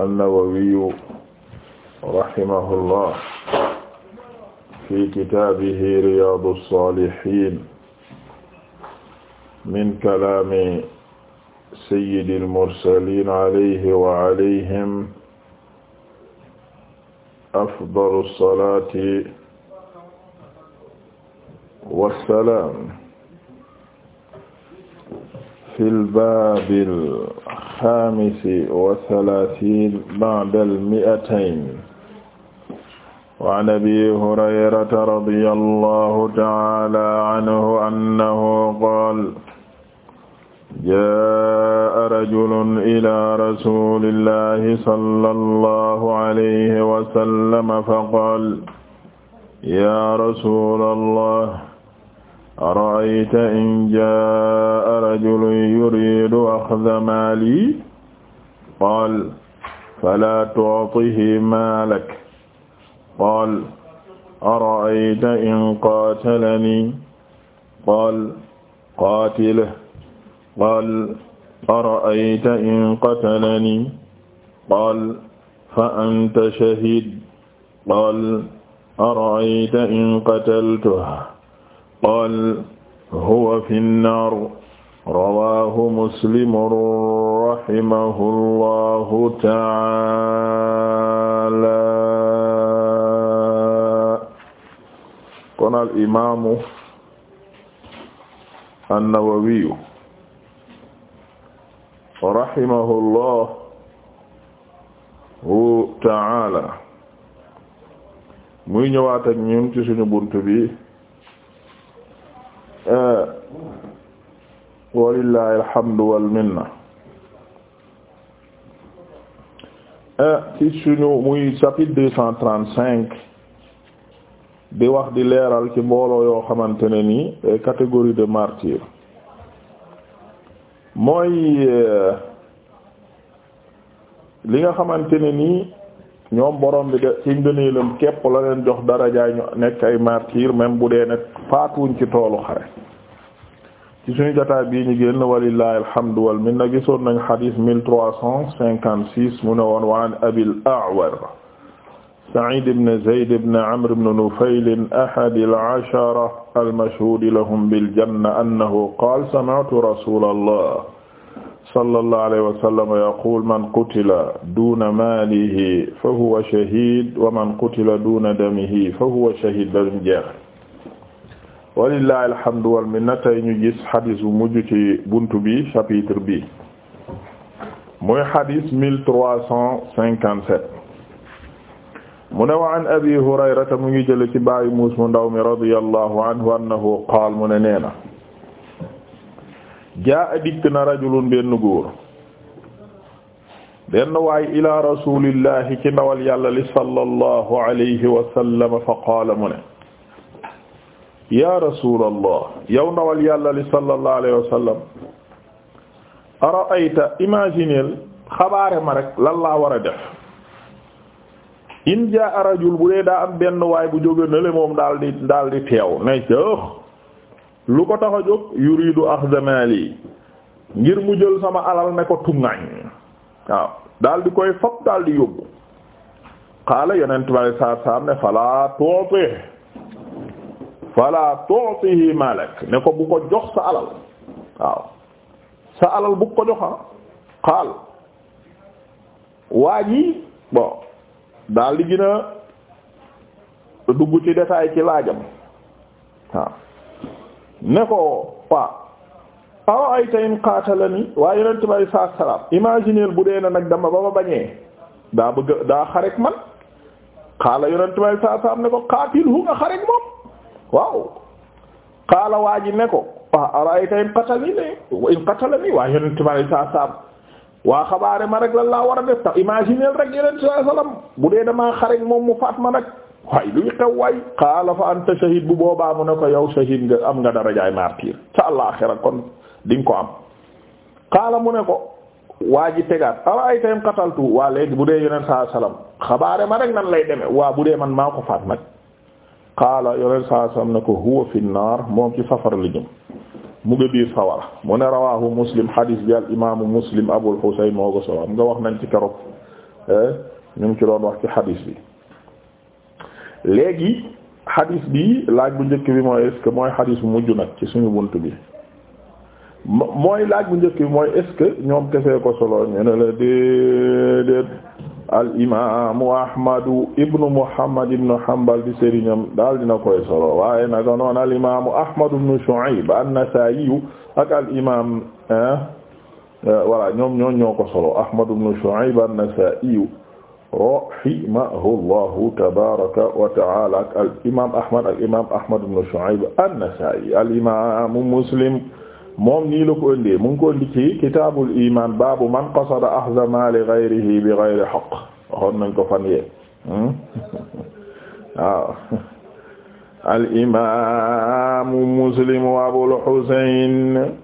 an-Nawawiyu rahimahullah fi kitaabihi Riyaadu s-Saalihiin min kalaami sayyidil mursaliin alayhi wa alayhim afdalu s-salaati wa s-salaam fil baabil alxamisi wasalaatiin ba'da almi'atayn wa an abi hurayrata radiya allahu taala anhu annahu qaala jaa'a rajulun ilaa rasuulillahi sallallahu alayhi wa sallam faqaala yaa rasuulallah ara'ayta in jaa'a rajulun yuriidu axda maali qaal falaa tu'tihi maalak qaal ara'ayta in qaatalanii qaal qaatilhu qaal ara'ayta in qatalanii qaal fa'anta shahiid qaal ara'ayta in qataltuhu qaal huwa fi nnaar rawaahu muslim rahimahu llahu ta'aala kon al imaamu an-Nawawiyu rahimahu llahu ta'aala muy ñëwaat ak ñun ci suñu buntu bi Eh, walillahi alhamdu wal minna eh, ci suñu muy chapitre deux cent trente-cinq di wax di leeral ci mbooloo yoo xamante ne nii eh, catégorie de martyr mooy li nga xamante ne nii ñoom borom bi de ci ngëneelam képp la leen jox darajaay ñu nekk ay martyr même bu dee ne faatuñ ci toolu xare ci suñu jotaay bii ñu génn walillahi alhamdu wal minna na nañ xadiis mille trois cent cinquante six mu ne woon wa an abil a'war sa'id ibn zayd ibn amr ibn nufayl ahad al ashara al mashhud lahum bil janna annahu qaala sallallahu alayhi wa sallam yaqul man qutila duuna maalihi fa huwa shahid wa man qutila duuna damihi fa huwa shahid la dum jeex walillahi alhamdu wal minna tey ñu gis xadis bu mujj ci buntu bi chapitre bi mooy xadis mille trois cent cinquante sept mu ne wa an abi hurayrata mu ngi jële ci bàyyi muus mu ndaw mi radiyallahu anhu annahu qaal mu ne nee na jaa dikk na rajulun benn góor benn waay ila rasulillahi ci ndawal yàlla li sallallahu alayhi wa fa qaala mu ne ya rasulallah yow ndawal yàlla li sallallahu alayhi wa sallam ara'ayta imagineel xabaare ma rek lan laa war a def in jaa rajul bu dee daa benn waay bu jóge na le moom daal di teew ne jëx lu ko tax a jóg yuridu axda mali ngir mu jël sama alal ne ko tuŋaañ waaw daal di koy fab daal di yóbbu xaala yonent bi alei saatu ne fala tuuti fala tuutihi malak ne ko bu ko jox sa alal waaw sa alal bu ko joxa xaal waa ji bon daal di gën dugg ci détail ci laajam waaw ne ko waaw aw ay tayin qatalani waaye yonent bi saa salaam bu dee na nag dama ba ma bañee daa bëgg daa xarek man xaala yonent bi saa salaam ne ko qaatilhu nga xarek moom waaw xaala waa ji ne ko waaw ah, aw ay tayin qatalani in qatalani waaye yonent bi saa waa xabaare ma rek lan laa war a def rek yonent bi saa bu dee damaa xarek moom mu faat ma nag. waay luy xew waay xaala fa anta shahid bu boobaa mu ne ko yow shahid nga am nga darajaay martyr ca àllaaxira kon di nga ko am xaala mu ne ko waa ji tegaat ala ay tayam qataltu waa léegi bu dee yonent saa salaam xabaare ma rek nan lay deme waa bu dee man maa ko faat nag xaala yonent sa salaam ne ko huwa fi naar moom ci safar li mu ngi biir sawara mu ne rawahu muslim hadis bi al imaamu muslim abul husayn moo ko solo am nga wax nañ ci keroog eh, ñu ngi ci doon wax léegi xadis bi laaj bu njëkk bi mooy est mooy xadis bu mujj nag ci suñu bunt bi mooy laaj bu njëkk bi mooy est-ce que ñoom kese ko solo ñu ne la déedéet al imaamu ahmadu ibnu muhammad ibnu hanbal di sëriñam daal dina koy solo waaye naka noon al imaamu ahmadu ibnu shu'ayb an-nasaa'i ak al imaam eh, eh, voilà ñoom ñoo ñoo ko solo ahmadu ibnu shu'ayb an-nasaa'i rahimahullahu tabaraka wa taala ak al imam ahmad ak imam ahmad ibn shu'aib an-nasa'i al imam muslim moom nii la ko ëndee mu ngi ko ëndi ci kitaabul iman baabu man qasada axza maali ghayrihi bi ghayri haqq waxoon nañ ko fan yee hmm? waaw al imam muslim wa abul husayn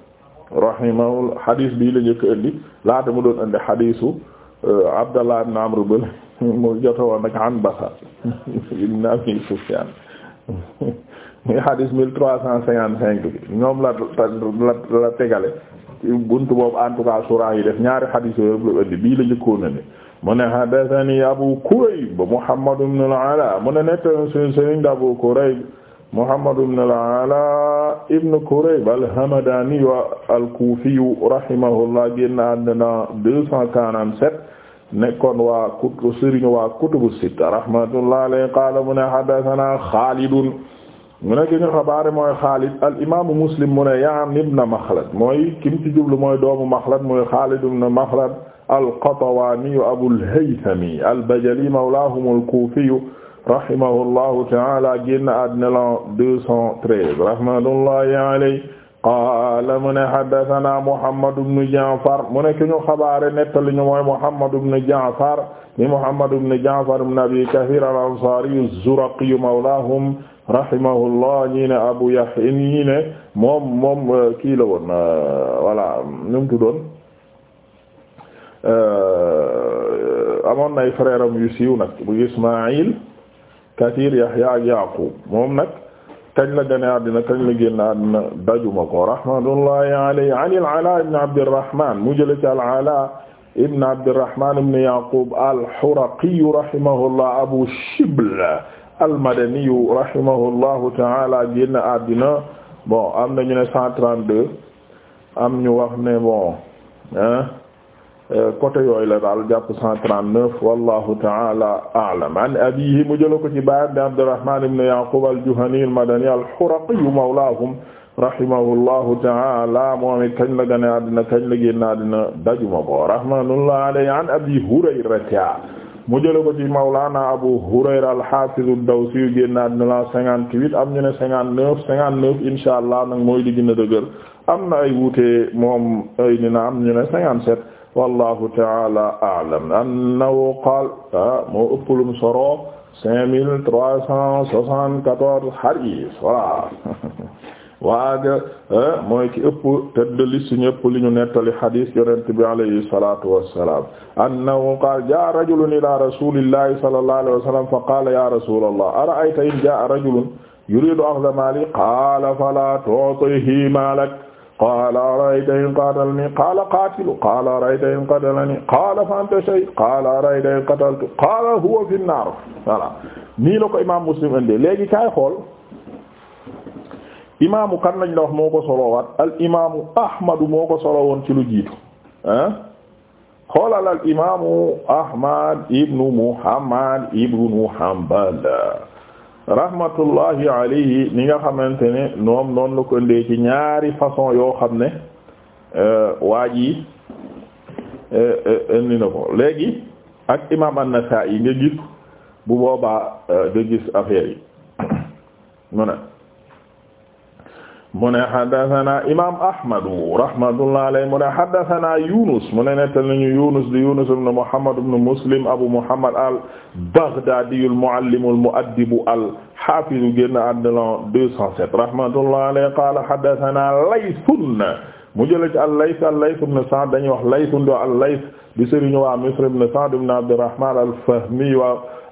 rahimahullah hadis bii la njëkk ëndi laata mu doon ëndi hadisu Euh, Abdallah ibn Amr bal mu joto woon nag Anbasa ibn Abi Sufyan muy hadis mille trois cent cinquante cinq bi ñoom la la la tegale buntu boobu en tout cas sura yi def ñaari hadis yooyu la bii la njëkkoon na ne mu ne hadathani Abu Kurayb Muhammad ibn al-Ala mu ne nett sunu sëriñ Abu Kurayb Muhammad ibn al-Ala ibn Kurayb al-Hamadani al-Kufi rahimahullah génn àddina 247 nekkoon waa kutu sëriñ waa kutubu sitta rahmatullah alayhi qaala mu ne haddathana Khalid mu ne ki nga xabaare mooy Khalid al-imaamu Muslim mu ne ya'ni ibn Makhlad mooy ki mu ci jublu mooy doomu Makhlad mooy Khalid ibn Makhlad al-Qatawaani Abul Haythami al-Bajali mawlaahum al-Kufi rahimahullahu ta'ala génn àddina la 213 rahmatullahi alayhi qaala mu ne haddathana Muhammad ibn Ja'far mu ne ki ñu xabaare nettali ñu mooy Muhammad ibn Ja'far ni Muhammad ibn Ja'far ibn Abi Kathir al-Ansari az-Zuraqi mawlahum rahimahullah ñi ne Abu Yahya ñi ne moom moom kii la woon voilà ñu mu tuddoon amoon nay frère am yu siiw nag bu Ismaïl Kathir Yahya ak Yaqub moom nag kañ la gane àddina kañ la génn àddina dajuma ko rahmatullahi alayhi an al-Ala ibn Abdirrahman mu jële ci al-Ala ibn Abdirrahman ibn Yaqub al-Huraqi rahimahullah Abu Shibl al-Madani rahimahullahu ta'ala génn àddina bon am na ñu ne 132 am ñu wax ne bon ah. côté yooyu la daal jàpp 139 wallahu taala a'lam an abihi mu jëla ko ci baayam bi Abdurrahman ibn Yaqub al-Juhani al-Madani al-Huraqi mawlahum rahimahullahu taala moom it kañ la gane àddina kañ la génn àddina dajuma ko rahmatullah alayhi an abi Hurayrata mu jëla ko ci mawlana Abu Hurayra al-Hafiz ad-Dawsi yu génn àddina la 58 am ñu ne 59 59 inshallah nag mooy li gën a dëgër am na ay wuute moom ay ni na am ñu ne 57 wallahu taala aalam annahu qaal moo ëppalum soro cinq mille trois cent soixante-quatorze hadith voilà waaga mooy ki ëpp tëdd li si ñëpp li ñu nettali hadith yonent bi alayhi salatu wassalam annahu qaal jaa rajulun ila rasulillahi sallallahu alayhi wa sallam fa qaala ya rasulallah ara'ayta in jaa rajulun yuridu akhdha mali qaala fala tu'tihi malak qaala arayta in qatalani qaala qaatilu qaala arayta in qatalani qaala fa anta shahid qaala arayta in qataltu qaala huwa fi naar voilà nii la ko imaam Muslim indi léegi kaay xool imaamu kan lañ la wax moo ko solowaat al imaamu Ahmadu moo ko solo woon ci lu jiitu ah xoolal al imaamu Ahmad ibnu Muhammad ibnu Hanbal rahmatullahi alayhi ni nga xamante ne noom noonu la ko indee ci ñaari façon yoo xam ne euh, waa ji euh, euh, indi na ko léegi ak imam an-Nasa'i nga gis bu boobaa nga gis affaire yi mu ne mu ne haddathana imam ahmadu rahmatullah alayhi mu ne haddathana yunus mu ne nettal nañu yunus di yunus ibn muhammad ibn muslim abu muhammad al-baghdadi al-muallim al-mu'addib al-hafiz génn àdduna 207 rahmatullah alayhi qala haddathana laythun mu jële ci al-layth al-layth ibn sa'd dañuy wax laythun do al-layth di sëriñu waa Misr ibn Sa'd ibn Abdurrahman al-Fahmi wa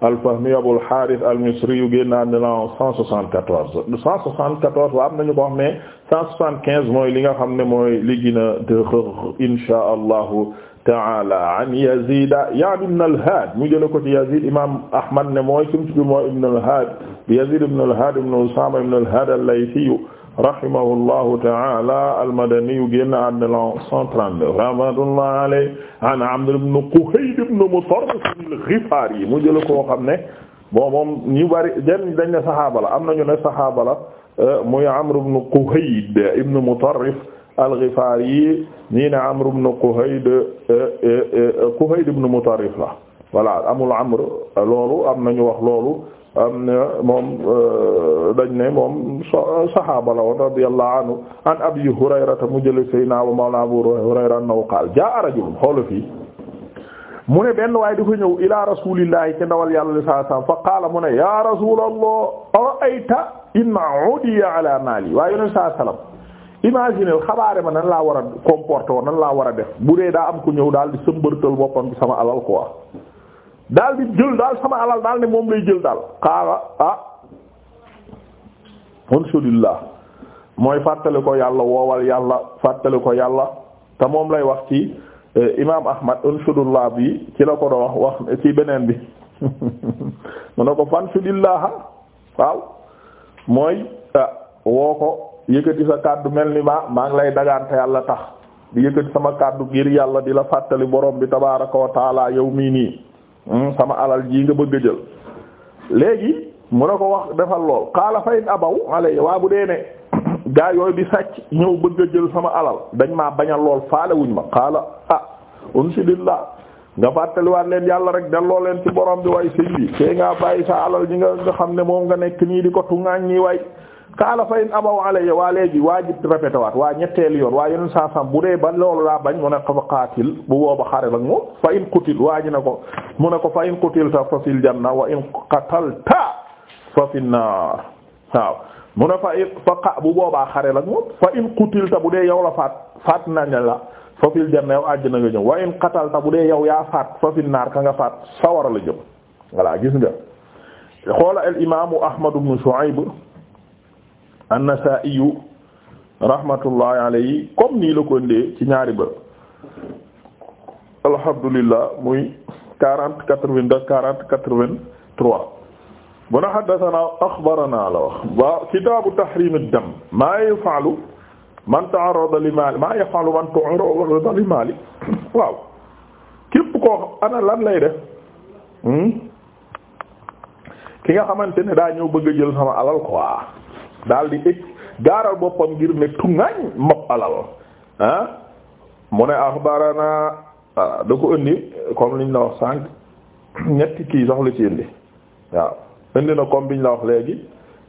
al-Fahmi Abul Harith al-Misri yu génn ànd na 174 174 waaw am nañu ko wax ne 175 mooy li nga xam ne mooy li gën a dëgër inshaa Allahu ta'ala an Yazid yaani ibn ko ci Yazid imam Ahmad ne mooy sumu ci bi mooy ibn al-Had Yazid ibn al-Had rahimahullahu ta'ala al-Madani génn àddina la 132 rahmatullahi alayhi an Amr ibn Quhayd ibn Mutarrif al-Ghifari yi mu jël koo xam ne bon moom ñu bari jën dañ ne saxaaba la am nañu ne saxaaba la euh, muy Amr ibn Quhayd ibn Mutarrif al-Ghifari yi ñii ne Amr ibn Quhayd euh, euh, Quhayd ibn Mutarrif la voilà amul Amr loolu am nañu wax loolu am na moom euh, dañ ne moom saxaaba la anhu an abi hurayrata mu jële sayna wa mawla abu hurayra annahu qaal jaa rajul xoolu fii mu ne benn waaye dafa ñëw ila rasulillahi ca ndawal yàlla li saa saam fa qaala mu ne ya rasulallah ara'ayta in udiya ala maali waaye yoneen saa salam imagine xabaare ma nan laa war a comporter war def bu dee daa am ku ñëw daal di sëmbërtal boppam ci sama alal quoi daal di jël daal sama alal daal ne moom lay jël daal xaaral ah alhamdulillah mooy fàttali ko yàlla woowal yàlla fàttali ko yàlla te moom lay wax ci eh, imaam ahmad alhamdulillah bi ci la ko doon wax ci beneen bi mu ne ko fanfilillah waaw mooy eh, woo ko yëkkati sa kàddu mel ni ma maa ngi lay dagaante yàlla tax di yëkkati sama kàddu ngir yàlla di la fàttali borom bi tabaaraka wa taala yow mii nii Hmm, sama alal ji nga bëgg a jël léegi mu ne ko wax defal lool xaala fay abaw alay waa bu dee ne gaa yooyu di sàcc ñëw bëgg a jël sama alal dañ maa bañal lool faale wuñ ma xaala ah unsidillah nga fàttaliwaat leen yàlla rek dal delloo leen ci borom bi way sëñ bi tey ngaa bàyyi sa alal ñi nga nga xam ne moom nga nekk nii di ko tuŋaañ ñi way qaala fa in abaw alayya waa léegi waa ji waa ñetteelu yoon waa yeneen saa sam bu dee ba loolu laa bañ mu ne ko fa qaatil bu booba xare lak moom fa in qutil waa ji ne ko mu ne ko fa in qutilta fa fil janna wa in qatalta fa bu boobaa xare lak moom fa bu dee yow la faat faat naña la fa fil janna yow àjjana nga jëm wa in qatalta bu dee yow yaa faat fa fin naar ka nga faat sawara la jëm voilà gis nga xoola al imaamu Ahmad ibn Shu'ayb an-Nasaa'iyu rahmatullahi alayhi comme nii la ko indee ci ñaari ba alhamdulillah muy quarante quatre-vingt-deux quarante quatre-vingt-trois bu na haddasanaa axbaranaa la wax waa kitaabu tahriimi dam maa yaf'alu man ta'arrada li li maali waaw képp koo ana lan lay def hmm? ki nga xamante ne daa ñëw bëgg a jël sama alal quoi daal di ëgg gaaral boppam ngir ne tungaañ mab alal ah. mu ne axbarana voilà da ko ëndi comme liñ la wax sànq ñetti kii sax la ci indi waaw indi na comme biñ la wax léegi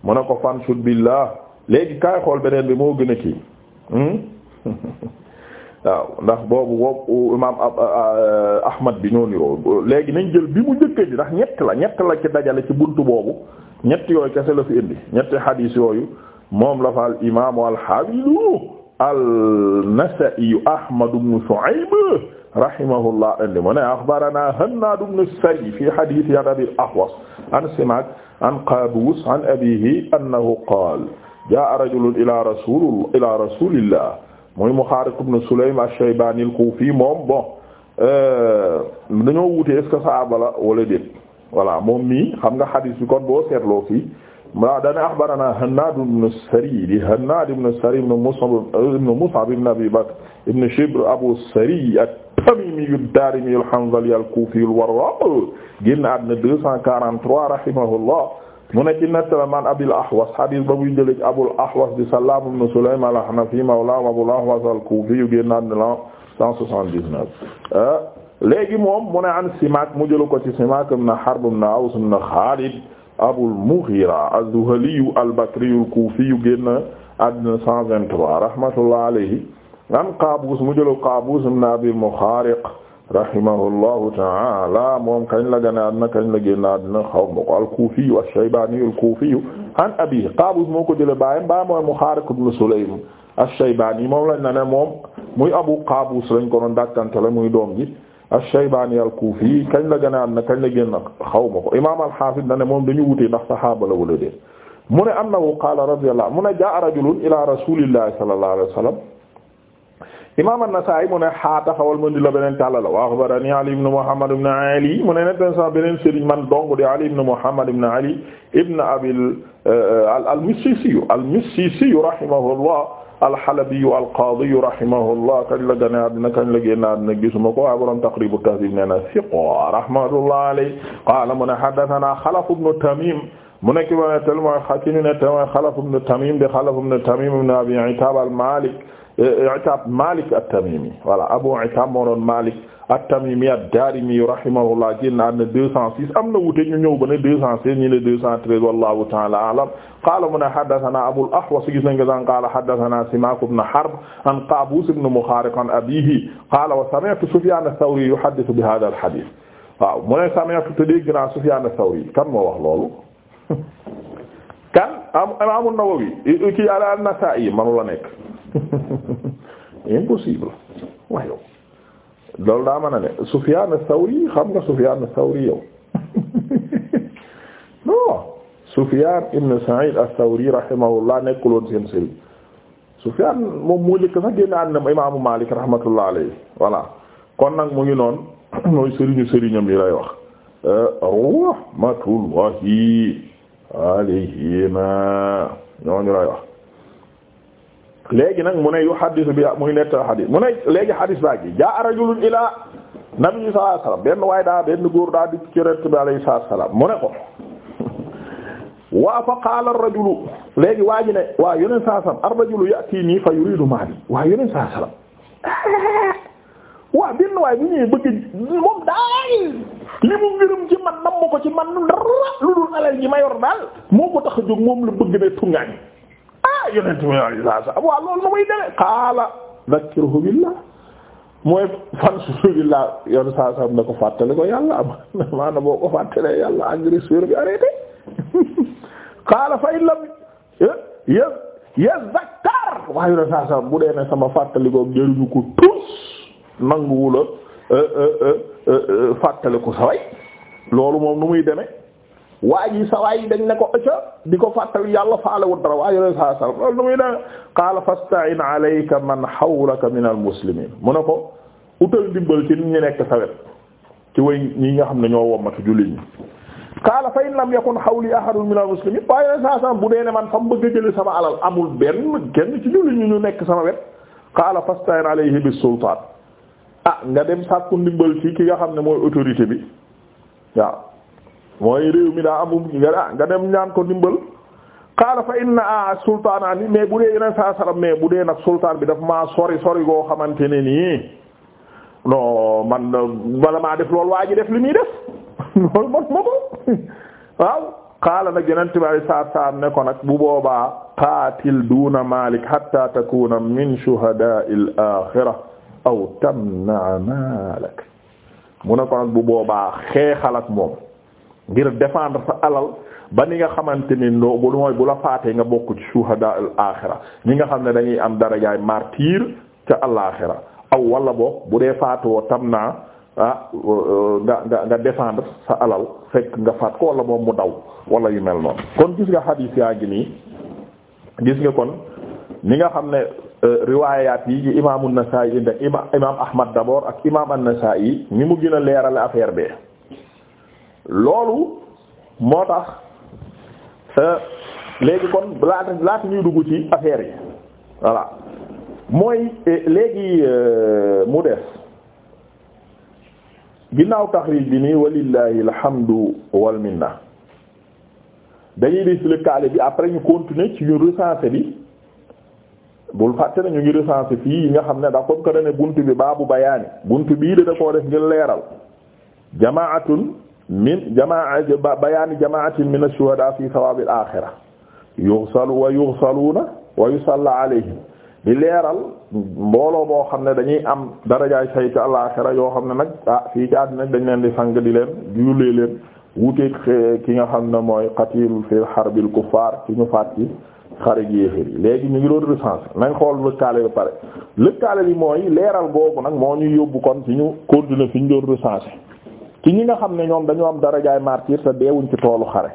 mu ne ko fan sut billah léegi kaay xool beneen bi moo gën a kii hmm? waaw ndax boobu boobu imaam Ahmad bi ñoo niroo léegi nañ jël bi mu njëkk yi ndax ñett la ñett la ci dajale ci buntu boobu ñett yooyu kese la fi indi ñetti xadiis yooyu moom la fa al imaamu alxafidu alnasaiyu ahmadu bnu shuaib rahimahullah indi mu ne axbarana hannaadu bnu sari fi xadiisi an abil ahwas an simaak an qaabus an abihi annahu qaal jaa rajulun ila rasul ila rasulillah muy muxaariq bnu sulaym ash-shaybaani al-kuufi moom bon euh, dañoo wute est-ce que saaba la wala déet voilà moom mii xam nga xadis bi kon boo seetloo fii ma dana axbarana Hannaad ibn Sari di Hannaad ibn Sari ibn Mus'ab ibn Mus'ab ibn Abi Bakr ibn Shibr Abu Sari at-Tamimi ad-Darimi al-Hanzali al-Kufi al-Warraq génn àddina 243 rahimahullah mu ne ci nettale man Abil Ahwas xadis ba muy jëlee Abul Ahwas di Sallaam ibn Sulaym al-Hanafi mawla Abul Ahwas al-Kufi génn àddina 179 léegi moom mu ne an Simaak mu jëlu ko ci Simaak ibn Harb ibn Aws ibn Xaalid Abul Mughira az-Zuhali al-Bakri al-Kufi génn àddina 123 rahmatullah alayhi an Qaabus mu jëlu Qaabus ibn Abi al-Mukhariq rahimahullahu ta'ala moom kañ la gane àddina kañ la génn àddina xaw ma ko al-Kufi ash-Shaybani al-Kufi an abiihi Qaabus moo ko jëlee baayam ba mooy Mukhariq ibn Sulaym ash-Shaybani moom lañ na ne moom muy Abu Qaabus lañ ko doon dàkkante la muy doom ji ash-Shaybani al-Kufi kañ la gën a am na kañ la génn xaw ma ko imaam al-Hafiz na ne moom dañu wutee ndax saxaaba la wala déet mu ne annahu qaala radiyallahu mu ne jaa'a rajulun ila rasulillahi sallallahu alayhi wa sallam imaam an-Nasaa'i mu ne xaa taxawal mën di la beneen tàlla la wa axbarani Ali ibn Muhammad ibn Ali mu ne neten sa beneen sëriñ man dong di Ali ibn Muhammad ibn Ali ibn Abil al-Missisi euh, euh, al-Missisi rahimahullah alxalabiyu alqaadiyu rahimahullah kañ la gane àddina kañ la génn àddina gisuma ko waaye borom taqribu tahdib nee na siqa rahmatullah alayhi qaala mu ne haddathana xalaf ibnu tamim mu nekk ba ne tel mooy xa ci ñu ne tel mooy xalaf ibnu tamim di xalaf ibnu tamim ibnu abi itaab al malik eh, itaab malik at-tamimi voilà abu itaab moo doon malik at-Tamimi ad-Darimi rahimahullah génn na 206 am na wuute ñu ñëw ba ne 216 ñu ne 213 wallahu ta'ala a'lam qaala mu ne haddathana Abul Ahwas gis nañ ko daan qaala haddathana Simaak ibn Harb an Qaabus ibn Mukhaariq an abiihi qaala wa sami'tu Sufyaan ath-Thawri yuhaddithu bi haadha al-hadith waaw mu ne sami'tu te dégg naa Sufyaan ath-Thawri kan moo wax loolu kan Imaam an-Nawawi kii an-Nasaa'i mënu la nekk impossible waaw loolu daa mën a ne Sufyan as-Sawri xam nga Sufyan as-Sawri yow non Sufyan ibn Sa'id as-Sawri rahimahullah nekkul woon seen sëriñ Sufyan moom moo njëkk sax génn ànd na imaamu Malik rahmatullah alayhi voilà kon nag mu ngi noonu mooy sëriñu sëriñam yi lay wax rahmatullahi alayhima ñooñu lay wax léegi nag mu ne yu xaddisu bi muy nettal xadis mu ne léegi xadis baa gi jaa rajulun ilaa nabi sallallahu benn waaye daa benn góor daa dikk ci yonent bi alayhi salaam mu ne ko waa fa qaala ar-rajulu léegi waa ji ne waa yonent sallallahu alayhi wasallam ar-rajulu ya'tiinii fa yuriidu maali waa yonent sallallahu alayhi waa benn waay bu ñëwee bëgg moom daal li mu ngërëm ci man nam ko ci man dara lu dul alal ji ma yor daal moo ko tax a jóg moom la bëgg ne tungaañ ah yonent mi alayhi salaam waaw loolu nu muy demee qaala dhakkirhu billah mooy fan surbillah yoon saa sam ne ko fàttali ko yàlla maana boo ko fàttalee yàlla engrais bi arrêté qaala fa in lam yazakkar waaye yoon saa sam bu dee ne sama fàttali ko jëriñu ko tus nanguwula eh, eh, eh, fàttali ko saway loolu moom nu muy demee waa ji sa waay dañ ne ko ëcca di ko fàttali yàlla faalewul dara waa yoneen saa sallam loolu nu muy da qaala fasta'in alayka man hawlaka min al muslimin mu ne ko utal dimbal ci nit ñu nekk sa wet ci way ñi nga xam ne ñoo wommatu jullit ñi qaala fa in lam yakun hawli ahadun min al muslimin waa yoneen saa sallam bu dee ne man fam bëgg a jële sama alal amul benn kenn ci jullit ñi ñu nekk sama wet qaala fasta'in alayhi bis sultaan ah nga dem sàkku ndimbal ci ki nga xam ne mooy autorité bi mooy réew mi daa amum nga ah nga dem ñaan ko ndimbal xaala fa inna a sultaan ani mais bu dee yeneen saa bu dee nag sultaan bi daf maa sori sori goo xamante ne nii non man bala maa def loolu waa def li muy def loolu man ko waaw xaala nag yeneen tibaari saa saa ne ko nag bu boobaa qaatil duuna malik hatta takuna min shuhadaa'il aaxira aw tamna'a maalak mu ne ko nag bu boobaa xeexal ak moom ngir défendre sa alal ba ni nga xamante ni loo bu mooy bu la faatee nga bokk ci shuhada al axira ñi nga xam ne dañuy am darajaay martyr ca alaaxira aw wala boo bu dee faatuwoo tam naa ah nga nga nga défendre sa alal fekk nga faat ko wala moom mu daw wala yu mel noonu. kon gis nga xadiis yaa ngi nii gis nga kon ni nga xam ne euh, riwaayaat yi yi imaamu Nasaa'i indi imaam Ahmad d'abord ak imaam An-Nasaa'i ni mu gën a leerale affaire bi. loolu moo tax léegi kon laata laat ñuy dugg ci affaire yi voilà mooy eh, léegi euh, mu des ginnaaw tax taxrij bi nii walillahi alhamdu wal minna dañuy dis lëkkaale bi après ñu continuer ci ñu recensé bi bul fàtte na ñu ngi recensé fii yi nga xam ne da comme que bunt bi baabu bayaani bunt bii da da koo def ngir leeral jamaatun min jamaa bayaani jamaatin min ash-shuhadaa fi thawaabi al-aaxira yughsalu wa yughsaluuna wa yusalla alayhim di leeral mbooloo boo xam ne dañuy am darajaay say ci al-aaxira yoo xam ne nag ah fii ci àddina dañu leen di sang di leen di yulee leen wuteeg ki nga xam ne mooy qatil fi harbil kuffaar ci ñu faat ci xare yéexir yi léegi ñu ngi doon recensé nañ xool lëkkaale bi pare lëkkaale bi mooy leeral boobu nag moo ñuy yóbbu kon ci ñu continuer fi ñu doon recensé ci ñi nga xam ne ñoom dañoo am dara darajaay martyr te deewuñ ci toolu xare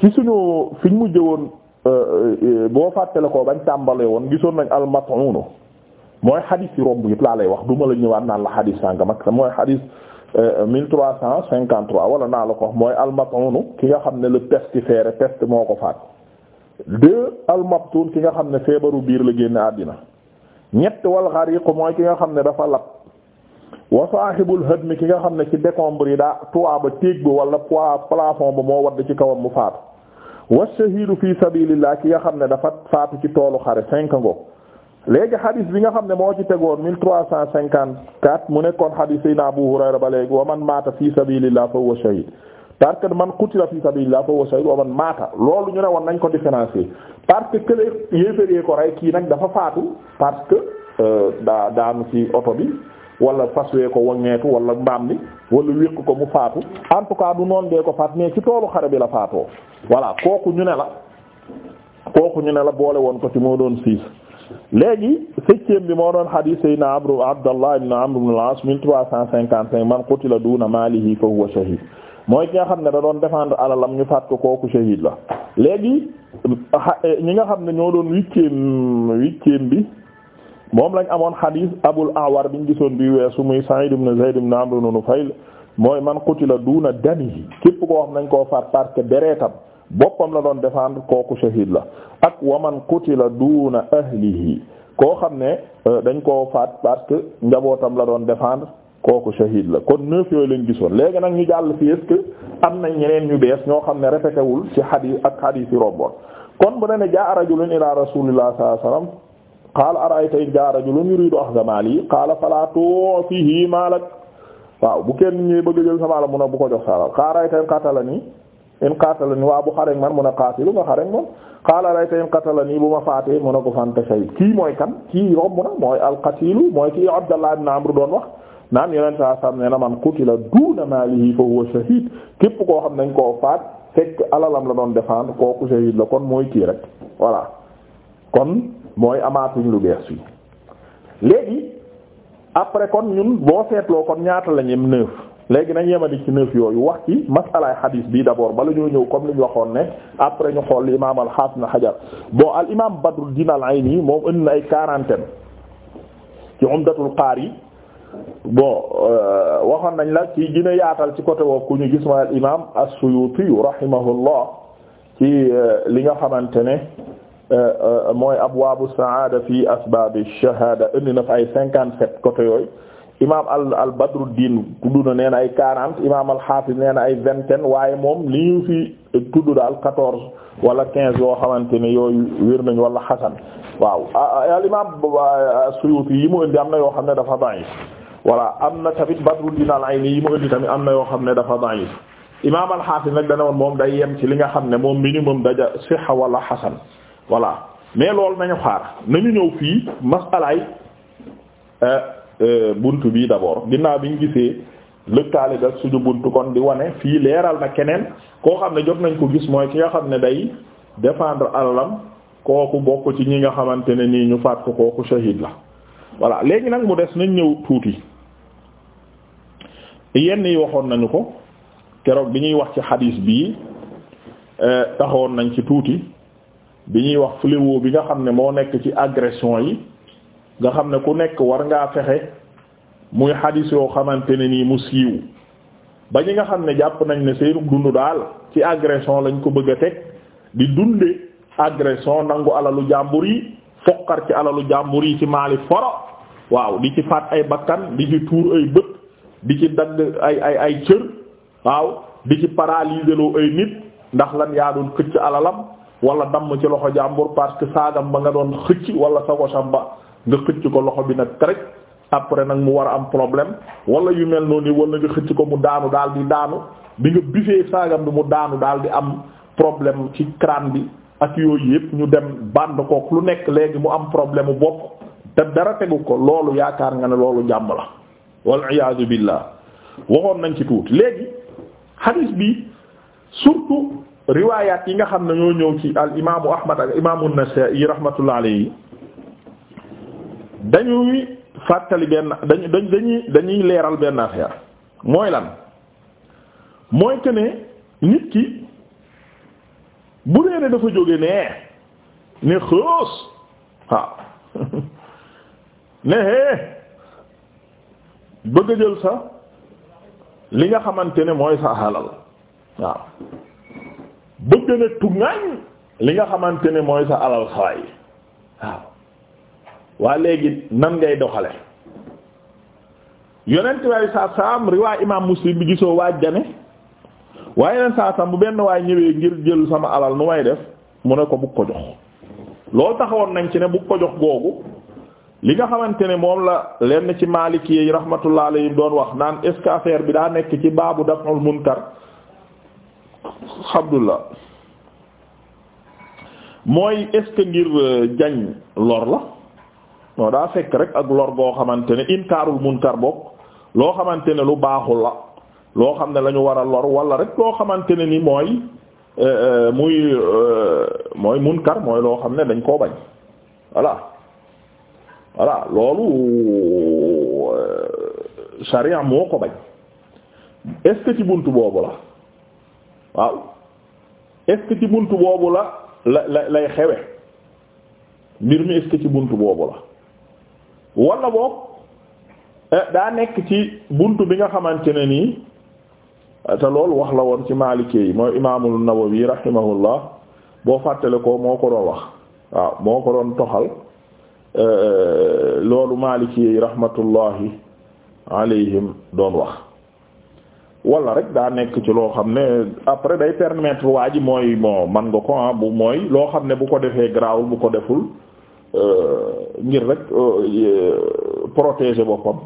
ci suñu fiñ mujj woon euh, euh, boo fàttale ko bañ tàmbalee woon gisoon nañ al-mat'un mooy xadis yi romb yëpp laa lay wax duma la ñëwaat naan la xadis sàngam ak mooy xadis euh, mille trois cent cinquante trois wala naa la ko wax mooy al-mat'un ki nga xam ne la le pestiféré peste moo ko faat deux al-mabtun ki nga xam ne feebaru biir la génn àddina ñett wal ghariq mooy ki nga xam wa saaxibul hadmi ki nga xam ne ci décombre yi daa toit ba téeg bi wala poids plafond ba moo wadd ci kawam mu faatu wa shahidu ki nga xam ne dafa faatu ci toolu xare cinq ngo léegi xadis bi nga xam ne moo ci tegoon mille trois cent cinquante quatre mu nekkoon xadis sayna Abu Hurayra ba léegi wa man maata fi sabilillah fa huwa man qutila fi sabilillah fa huwa shahid wa man maata loolu ñu ne woon nañ ko différencier parce que kële yéeférie ko rey kii nag dafa faatu parce que euh, daa daanu oto bi wala fas wee ko waññeetu wala mbaam bi wala wéq ko mu faatu en tout cas du noon dee ko faat mais ci toolu xare bi la faatoo voilà kooku ñu ne la kooku ñu ne la boole woon ko ci moo doon siis léegi septième bi moo doon hadith sayna abru abdallah ibn amr ibn al-as 1355 man qutila duna malihi fa huwa shahid mooy ki nga xam ne da doon défendre alalam ñu faat ko kooku shahid la léegi eh, ñi nga xam ne ñoo doon huitième huitième bi moom lañ amoon xadiis abul awar biñ gisoon bi su muy Sa'id ibn Zayd ibn Amr nu Nufayl mooy man qutila duuna damihi képp ko xam nañ koo faat parce que deretam boppam la doon défendre kooku shahid la ak wa man qutila duuna ahlihi koo xam ne euh, dañ koo faat parce que njabootam la doon défendre kooku shahid la kon neuf lañ gisoon léegi nag ñu jàll fii est am na ñeneen ñu bees ñoo xam ne répété wul ci xadiis ak xadiis yi robboon kon bu ne ne jaa rajulun ila rasulillah sallallahu alayhi wasallam qaala ara'ayta in jaa rajulun yuridu akhdha maali qaala falaa tu'tihi maalak waaw bu kenn ñëwee bëgg a jël sama alal mun a bu ko jox sa alal qaala ara'ayta in qatalani in bu xareeg man mun a qaatilu nga xareeg man qaala ara'ayta in ma faatee mun a ko fanta shahid kii mooy kan kii romb na mooy alqatilu mooy kii Abdallah ibn Amr doon wax naan yeneen saa sam ne na man qutila duuna maalihi fa huwa shahid képp koo xam nañ koo faat fekk alalam la doon défendre kooku shahid la kon mooy kii r voilà mooy amaatuñu lu bees yi léegi après kon ñun boo seetloo kon ñaata la ñem neuf léegi nañ yemadi ci neuf yooyu wax ci masalaay xadiis bi d'abord bala ñoo ñëw comme li ñu waxoon ne après ñu xool li imaam al-Hafiz na Hajar bon al imaam Badruddin al-Ayni moom indi na ay quarantaine ci Umdatul Qaari yi bon euh, waxoon nañ la ci gën yaatal ci côté woowu ku ñu gis ma al imaam as-Suyuti rahimahullah ci euh, li nga xamante ne mooy abwaabu saada fi asbaabi shahaada indi na fa ay cinquante sept côté yooyu imaam al al Badruddin tudd na nee na ay quarante imaam al Hafiz nee na ay vingtaine waaye moom li ñu fi tudd daal quatorze wala quinze yoo xamante ne yooyu wér nañu wala xasan waaw al imaam euh, Suyuti yi mu indi am na yoo xam ne dafa da'if voilà am na tamit Badruddin al Ayni yi mu indi tamit am na yoo xam ne dafa da'if imaam al Hafiz nag dana woon moom day yem ci li nga xam ne moom minimum daja siha wala xasan. voilà mais loolu nañu xaar nañu ñëw fii masalaay euh, euh, buntu bi d'abord ginnaaw bi ñu gisee lëkkaale ak suñu buntu kon di wane fii leeral na keneen koo xam ne jot nañ ko gis mooy ki nga xam ne day défendre alalam kooku bokk ci ñi nga xamante ne nii ñu faat kooku shahid la voilà léegi nag mu des nañ ñëw tuuti yenn yi waxoon nañu ko keroog bi ñuy wax ci xadiis bii euh, taxawoon nañ ci tuuti bi ñuy wax fléau bi nga xam ne moo nekk ci agression yi nga xam ne ku nekk war ngaa fexe muy xadis yoo xamante ne nii mu siiw ba ñi nga xam ne jàpp nañ ne seenug dund daal ci agression lañ ko bëgg a teg di dunde agression nangu alalu jàmbur yi foqar ci alalu jàmbur yi ci maali foro waaw di ci faat ay bakkan di ci tuur ay bët di ci dagg ay ay ay cër waaw di ci paralyser loo ay nit ndax lan yaa doon xëcc alalam wala damm ci loxo jàmbur parce que saagam ba nga doon xëcc wala sa gosam ba nga xëcc ko loxo bi nag rek après nag mu war a am problème wala yu mel noonu wala nga xëcc ko mu daanu daal di daanu bi nga bifee saagam bi mu daanu daal di am problème ci crâne bi ak yooyu yëpp ñu dem band kook lu nekk léegi mu am problème mu bopp te dara tegu ko loolu yaakaar nga ne loolu jàmm la wal iyaazu billah waxoon nañ ci tuuti léegi hadith bi surtout riwaayaat yi nga xam ne ñoo ñëw ci al imaamu Ahmad ak imaamu Nasaa'i rahmatullah alayhi dañuy fàttali benn dañuy dañuy dañuy leeral benn affaire mooy lan mooy que nit ki bu dee ne dafa jóge nee ne xëës waaw ne bëgg jël sa li nga xamante ne mooy sa halal waaw bëgg na tuŋaañ li nga xamante ne mooy sa alal sawaay waaw waa léegi nan ngay doxale yonent waaye saa saam riwaay imaam muslim bi gisoo waajane waaye neen saa saam bu benn waay ñëwee ngir jël sama alal nu may def mu ne ko bugg ko jox loolu taxawoon nañ ci ne bugg ko jox googu li nga xamante ne moom la lenn ci maalik yi rahmatullah yi doon wax naan est-ce que affaire bi daa nekk ci baabu daf'ul munkar Abdullah mooy est-ce que ngir euh, jañ lor la non daa fekk rek ak lor goo xamante ne inkaarul munkar bokk loo xamante ne lu baaxul la loo xam ne lañu ñu war a lor wala rek loo xamante ne ni mooy euh, euh, muy mooy munkar mooy loo xam ne dañ koo bañ voilà voilà loolu sharia moo ko bañ est ci buntu boobu la waaw est ci buntu boobu la la la lay xewe mbir mi est ci buntu boobu la wala boog eh, daa nekk ci bunt bi nga xamante ne nii eh, te loolu wax la woon ci Maalikee yi mooy imaamul Nawawi rahimahullah boo fàttale ko moo ko doon wax waaw moo ko doon toxal eh, loolu Maalikee yi rahmatullahi alayhim doon wax wala rek daa nekk ci loo xam ne après day permettre waa ji mooy bon man nga ko ah bu mooy loo xam ne bu ko defee garaawul bu ko deful euh, ngir rek euh, protéger boppam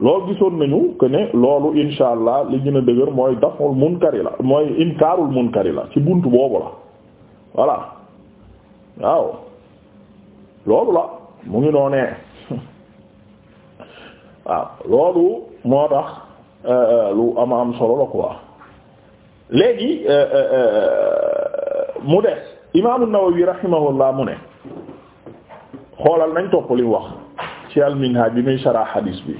loolu gisoon nañu que ne loolu insha allah li gën a dëgër mooy daful munkari la mooy inkaarul kari la ci bunt boobu la voilà waaw loolu la mu ngi noonee waaw loolu moo tax lu ama am solo la quoi léegi euh, euh, euh, mu des imaam an-Nawawi rahimahullah mu ne xoolal nañ topp li wax ci al-Minhaj bi muy sharh hadis bi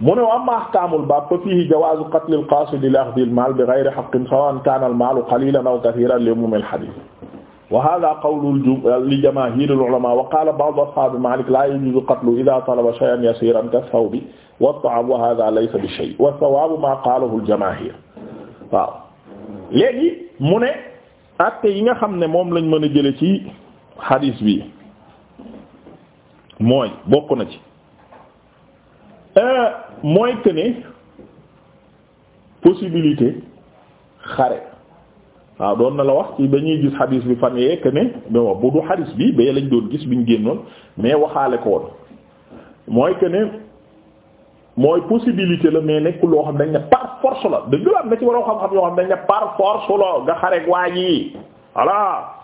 mu ne amma ahkaamul baab fa fiihi jawaazu qatlil qaasid li akhdhil maal bi ghayri haqqin sawa'an kaana al-maalu qaliilan aw kathiiran li umuumil hadiis wa hada qawlu li jamaahir al ulama wa qala ba'd ashab Malik la yajuzu qatlu idha talaba shay'an yasiran ka thawbi wa ta'am wa hada laysa bi shay wa thawabu ma qalahu al jamaahir waaw léegi mu ne acte yi nga xam ne moom lañ mën a jële ci hadis bi mooy bokk na ci euh, mooy que waaw doon na la wax ci ba ñuy gis xadis bi fan yee que ne mais bu du xadis bi bee lañ doon gis ñu génnoon mais waxaale ko woon mooy que ne mooy possibilité la mais nekkul loo xam dañ ne par force la dëgg la am na ci waroo xam-xam yoo xam dañ ne par la nga xareeg waa ji voilà